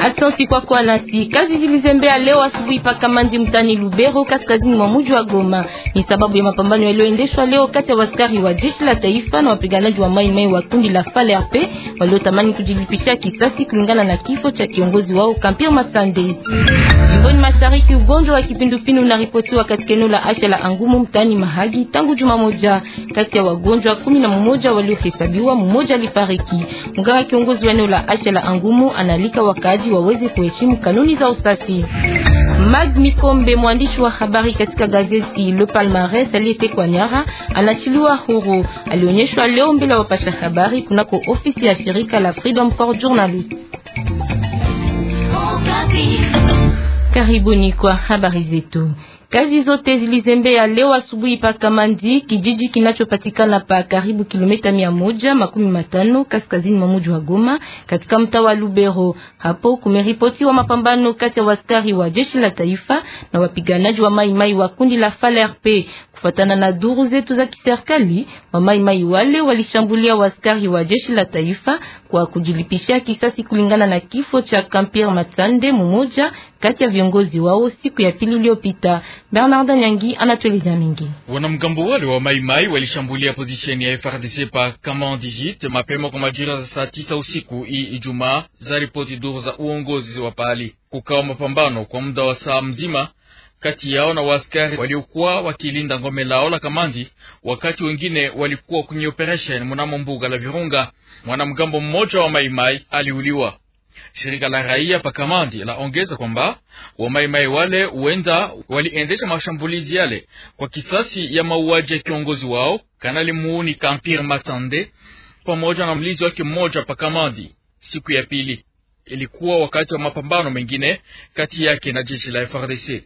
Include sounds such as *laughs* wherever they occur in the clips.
Asante kwa kwa nasi. Kazi zilizembea leo asubuhi paka mandi mtani Lubero kaskazini mwa mji wa Goma. Ni sababu ya mapambano yaliyoendeshwa leo kati ya waskari wa jeshi la taifa na wapiganaji wa Mai Mai wa kundi la FARDC waliotamani kujilipishia kisasi kulingana na kifo cha kiongozi wao Kampio Masande. Jimboni Mashariki, ugonjwa wa kipindupindu unaripotiwa katika eneo la afya la Angumu mtani Mahagi tangu juma moja. Kati ya wagonjwa kumi na mmoja waliohesabiwa, mmoja alifariki. Mganga kiongozi wa eneo la afya la Angumu analika wakaaji wakaaji waweze kuheshimu kanuni za usafi. Mag Mikombe, mwandishi wa habari katika gazeti Le Palmares, aliyetekwa nyara anachiliwa huru. Alionyeshwa leo mbele ya wapasha habari kunako ofisi ya shirika la Freedom for Journalists. Karibuni kwa habari zetu. Kazi zote zilizembea leo asubuhi pa Kamandi, kijiji kinachopatikana pa karibu kilomita mia moja makumi matano kaskazini mwa mji wa Goma katika mtaa wa Lubero. Hapo kumeripotiwa mapambano kati ya waskari wa jeshi la taifa na wapiganaji wa Mai Mai wa kundi la FALRP. Kufatana na duru zetu za kiserikali, wa Mai Mai wale walishambulia waskari wa jeshi la taifa kwa kujilipishia kisasi kulingana na kifo cha Kampier Matande mmoja kati ya viongozi wao siku ya pili iliyopita. Bernard Nyangi anatueleza mingi. Wanamgambo wale wa Maimai walishambulia pozisheni ya FRDC pa digit mapema kwa majira za saa tisa usiku hii Ijumaa, za ripoti duru za uongozi wa pahali. Kukawa mapambano kwa muda wa saa mzima kati yao na waaskari waliokuwa wakilinda ngome lao la Kamandi, wakati wengine walikuwa kwenye operation mnamo mbuga la Virunga. Mwanamgambo mmoja wa Maimai aliuliwa. Shirika la raia pa Kamandi laongeza kwamba wamaimai wale huenda waliendesha mashambulizi yale kwa kisasi ya mauaji ya kiongozi wao Kanali Muuni Kampir Matande pamoja na mlizi wake mmoja pa Kamandi siku ya pili ilikuwa wakati wa mapambano mengine kati yake na jeshi la FRDC.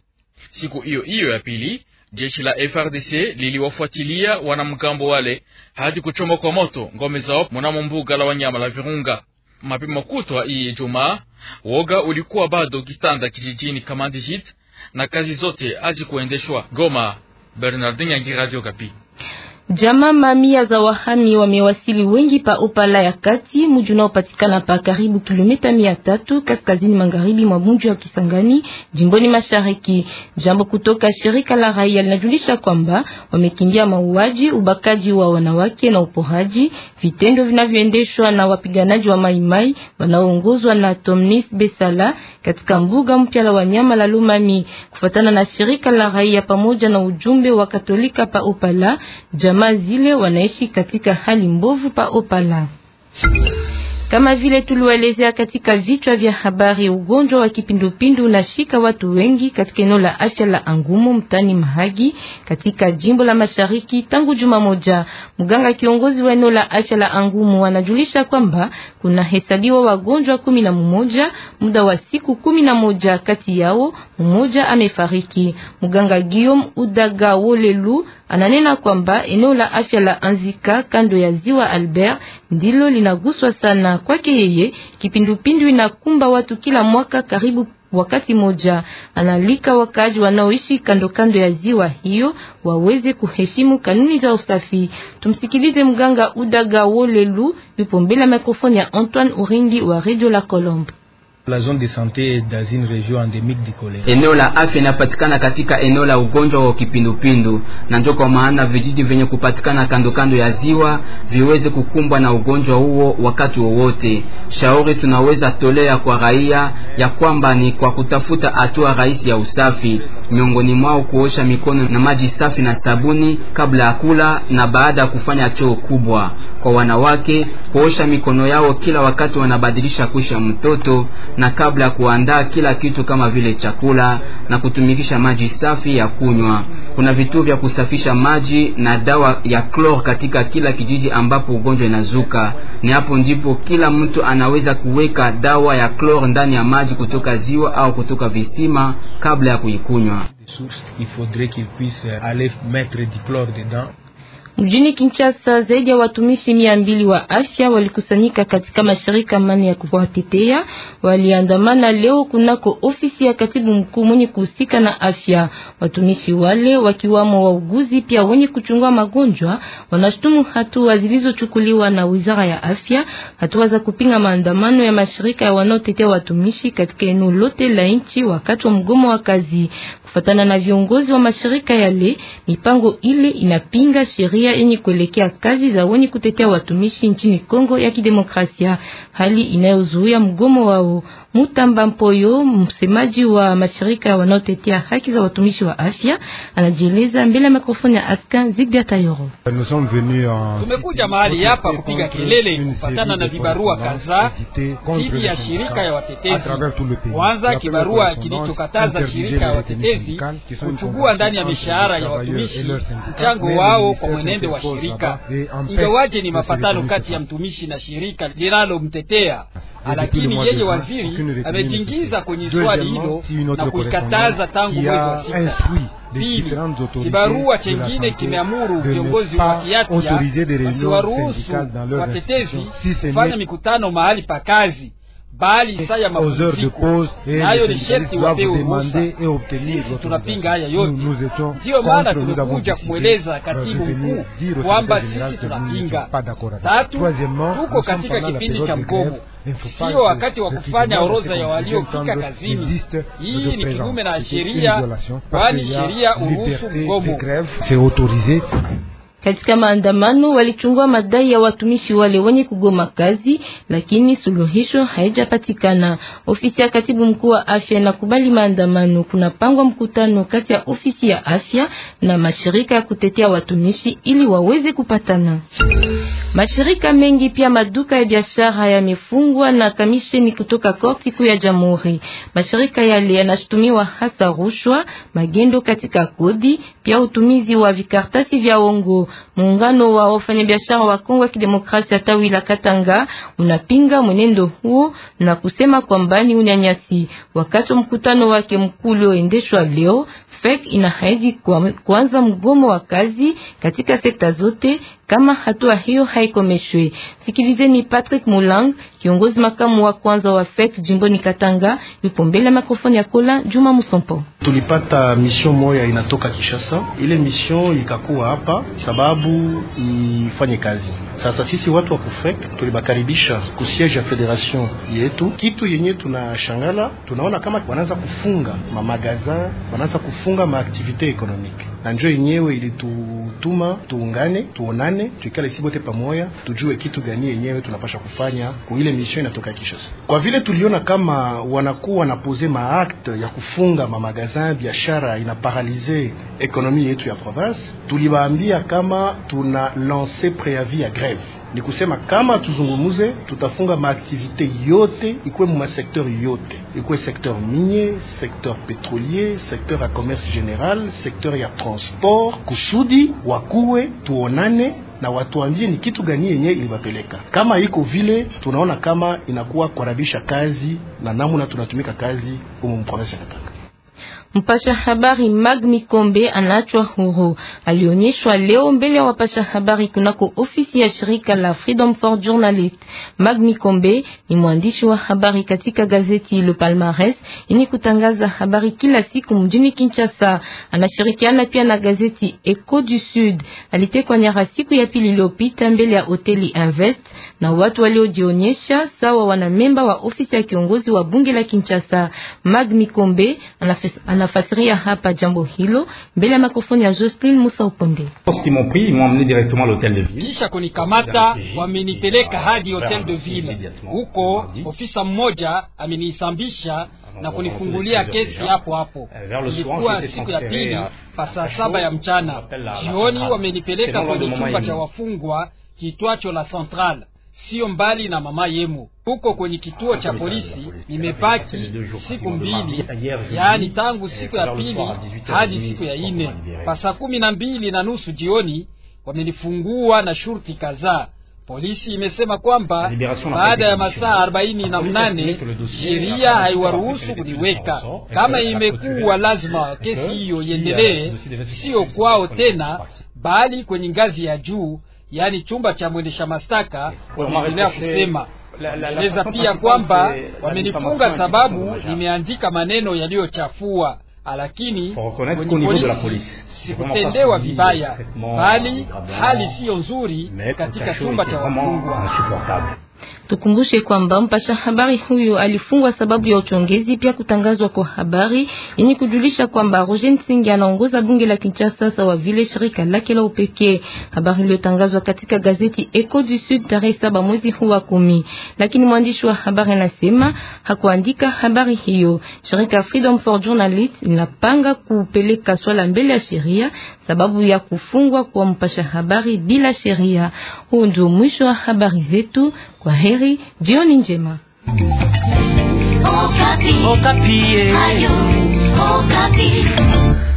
Siku hiyo hiyo ya pili, jeshi la FRDC liliwafuatilia wanamgambo wale hadi kuchoma kwa moto ngome zao mnamo mbuga la wanyama la Virunga mapema kutwa hii Ijumaa, woga ulikuwa bado kitanda kijijini Kamandijit na kazi zote hazikuendeshwa Goma. Bernardin Yangi, Radio Kapi. Jamaa mamia za wahami wamewasili wengi pa Opala ya kati, mji unaopatikana pa karibu kilomita mia tatu kaskazini magharibi mwa mji wa Kisangani, jimboni mashariki. Jambo kutoka shirika la raia linajulisha kwamba wamekimbia mauaji, ubakaji wa wanawake na uporaji, vitendo vinavyoendeshwa na wapiganaji wa Maimai wanaoongozwa na Tomnif Besala katika mbuga mpya la wanyama la Lumami. Kufatana na shirika la raia pamoja na ujumbe wa Katolika pa Opala, jamaa jamaa zile wanaishi katika hali mbovu pa Opala. Kama vile tuliwaelezea katika vichwa vya habari, ugonjwa wa kipindupindu unashika watu wengi katika eneo la afya la Angumu mtani Mahagi katika jimbo la Mashariki tangu juma moja. Mganga kiongozi wa eneo la afya la Angumu anajulisha kwamba kuna hesabiwa wagonjwa kumi na mmoja muda wa siku kumi na moja, kati yao mmoja amefariki. Mganga Guillaume Udaga Wolelu Ananena kwamba eneo la afya la Anzika kando ya ziwa Albert ndilo linaguswa sana. Kwake yeye, kipindupindu inakumba watu kila mwaka karibu wakati moja. Analika wakaaji wanaoishi kando kando ya ziwa hiyo waweze kuheshimu kanuni za usafi. Tumsikilize mganga Udaga Wolelu, yupo mbele ya mikrofoni ya Antoine Uringi wa Radio La Colombe. La zone de santé dans une région endémique du cholera. Eneo la afya inapatikana katika eneo la ugonjwa wa kipindupindu, na ndio kwa maana vijiji vyenye kupatikana kando kando ya ziwa viweze kukumbwa na ugonjwa huo wakati wowote. Shauri tunaweza tolea kwa raia ya kwamba ni kwa kutafuta hatua rahisi ya usafi, miongoni mwao kuosha mikono na maji safi na sabuni kabla ya kula na baada ya kufanya choo kubwa kwa wanawake kuosha mikono yao kila wakati wanabadilisha kusha mtoto na kabla ya kuandaa kila kitu kama vile chakula na kutumikisha maji safi ya kunywa. Kuna vituo vya kusafisha maji na dawa ya clor katika kila kijiji ambapo ugonjwa inazuka. Ni hapo ndipo kila mtu anaweza kuweka dawa ya clor ndani ya maji kutoka ziwa au kutoka visima kabla ya kuikunywa. Mjini Kinshasa zaidi ya watumishi mia mbili wa afya walikusanyika katika mashirika mane ya kuwatetea. Waliandamana leo kunako ofisi ya katibu mkuu mwenye kuhusika na afya. Watumishi wale wakiwamo wauguzi pia wenye kuchungua magonjwa wanashutumu hatua zilizochukuliwa na wizara ya afya, hatua za kupinga maandamano ya mashirika ya wanaotetea watumishi katika eneo lote la nchi wakati wa mgomo wa kazi. Kufatana na viongozi wa mashirika yale, mipango ile inapinga sheria yenye kuelekea kazi za wenye kutetea watumishi nchini Kongo ya Kidemokrasia, hali inayozuia mgomo wao. Mutamba Mpoyo, msemaji wa mashirika wanaotetea haki za watumishi wa afya, anajieleza mbele ya mikrofoni ya Askan Zigbia Tayoro. Tumekuja mahali hapa kupiga kelele kufatana na vibarua kadhaa dhidi ya shirika ya watetezi. Kwanza kibarua kilichokataza shirika ya watetezi kazi kuchugua ndani ya mishahara ya watumishi mchango wao kwa mwenendo wa shirika, ingawaje ni mapatano kati ya mtumishi na shirika linalomtetea. Lakini yeye waziri amejingiza kwenye swali hilo na kuikataza tangu mwezi wa sita. Pili, kibarua chengine kimeamuru viongozi wa kiatia wasiwaruhusu watetezi kufanya mikutano mahali pa kazi bali saa ya mapumziko nayo ni sherti wapewe ruhusa. Sisi tunapinga haya yote, ndiyo maana tumekuja kumweleza katibu mkuu kwamba sisi tunapinga. Tatu, tuko katika kipindi cha mgomo, sio wakati wa kufanya orodha ya waliofika kazini. Hii ni kinyume na sheria, kwani sheria uruhusu mgomo. Katika maandamano walichungua madai ya watumishi wale wenye kugoma kazi, lakini suluhisho haijapatikana. Ofisi ya katibu mkuu wa afya inakubali maandamano. kuna pangwa mkutano kati ya ofisi ya afya na mashirika ya kutetea watumishi ili waweze kupatana. Mashirika mengi pia maduka ya biashara yamefungwa na kamisheni kutoka korti kuu ya jamhuri. Mashirika yale yanashutumiwa hasa rushwa, magendo katika kodi, pia utumizi wa vikartasi vya uongo. Muungano wa wafanyabiashara wa Kongo ya Kidemokrasia tawi la Katanga unapinga mwenendo huo na kusema kwamba ni unyanyasi. Wakati wa mkutano wake mkuu ulioendeshwa leo, FEC inaahidi kuanza mgomo wa kazi katika sekta zote kama hatua hiyo haikomeshwe. Sikilizeni Patrick Mulang, kiongozi makamu wa kwanza wa FEC jimboni Katanga, yupo mbele ya mikrofoni ya Kola Juma Musompo. Tulipata mission moya inatoka Kishasa, ile mission ikakuwa hapa sababu ifanye kazi. Sasa sisi watu wa kufek tulibakaribisha kusiege ya federation yetu. Kitu yenye tunashangala, tunaona kama wanaanza kufunga mamagaza, wanaanza kufunga maaktivite ekonomike, na njo yenyewe ilitutuma tuungane, tuonane tuungane, tuikale sisi wote pamoja, tujue kitu gani yenyewe tunapasha kufanya kwa ile mission inatoka Kinshasa. Kwa vile tuliona kama wanakuwa na pose ma acte ya kufunga mamagazin biashara inaparalize ekonomi yetu ya province, tuliwaambia kama tuna lance preavis ya greve ni kusema kama tuzungumuze, tutafunga maaktivite yote ikuwe mu masekteur yote, ikuwe sekteur minier, sekteur petrolier, sekteur ya commerce general, sekteur ya transport, kusudi wakuwe tuonane na watuambie ni kitu gani yenye ilibapeleka. Kama iko vile, tunaona kama inakuwa kuarabisha kazi na namna tunatumika kazi humu mprovinsi ya Katanga. Mpasha habari Magmi Kombe anachwa huru. Alionyeshwa leo mbele ya wapasha habari kunako ofisi ya shirika la Freedom for Journalist. Magmi Kombe ni mwandishi wa habari katika gazeti Le Palmarès yenye kutangaza habari kila siku mjini Kinshasa. Anashirikiana pia na gazeti Echo du Sud. Alitekwa nyara siku ya pili iliyopita mbele ya hoteli Invest na watu waliojionyesha sawa wana memba wa ofisi ya kiongozi wa bunge la Kinshasa. Magmi Kombe anafes, anafasiria hapa jambo hilo mbele ya mikrofoni ya Jocelyn Musa Uponde. Kisha kunikamata wamenipeleka hadi hotel de ville. Huko ofisa mmoja ameniisambisha ah, na kunifungulia kesi hapo hapo. Eh, Ilikuwa siku ya pili pasaa euh, saba ya mchana jioni, wamenipeleka kwenye chumba cha wafungwa kitwacho la Centrale siyo mbali na mama yemu huko kwenye kituo ah, cha polisi. Nimebaki yaani, siku mbili, yaani tangu eh, siku ya pili hadi siku ya ine pasa kumi na mbili na nusu jioni wamenifungua na shurti kadhaa. Polisi imesema kwamba baada ya masaa arobaini na mnane sheria haiwaruhusu kuniweka. Kama imekuwa lazima kesi hiyo iendelee, siyo kwao tena, bali kwenye ngazi ya juu yaani chumba cha mwendesha mashtaka, wameendelea kusema eleza *laughs* pia kwamba wamenifunga sababu nimeandika maneno yaliyochafua ah, lakini polisi sikutendewa vibaya, bali hali siyo nzuri katika chumba cha wafungwa. Tukumbushe kwamba mpasha habari huyo alifungwa sababu ya uchongezi, pia kutangazwa kwa habari yenye kujulisha kwamba Roger Nsingi anaongoza bunge la Kinshasa sawa vile shirika lake la upekee, habari iliyotangazwa katika gazeti Echo du Sud tarehe saba mwezi huu wa kumi. Lakini mwandishi wa habari anasema hakuandika habari hiyo. Shirika Freedom for Journalists linapanga kupeleka swala mbele ya sheria sababu ya kufungwa kwa mpasha habari bila sheria. Huu ndio mwisho wa habari zetu kwa heri. Meri. Jioni njema. Okapi. Okapi. Ayu, Okapi.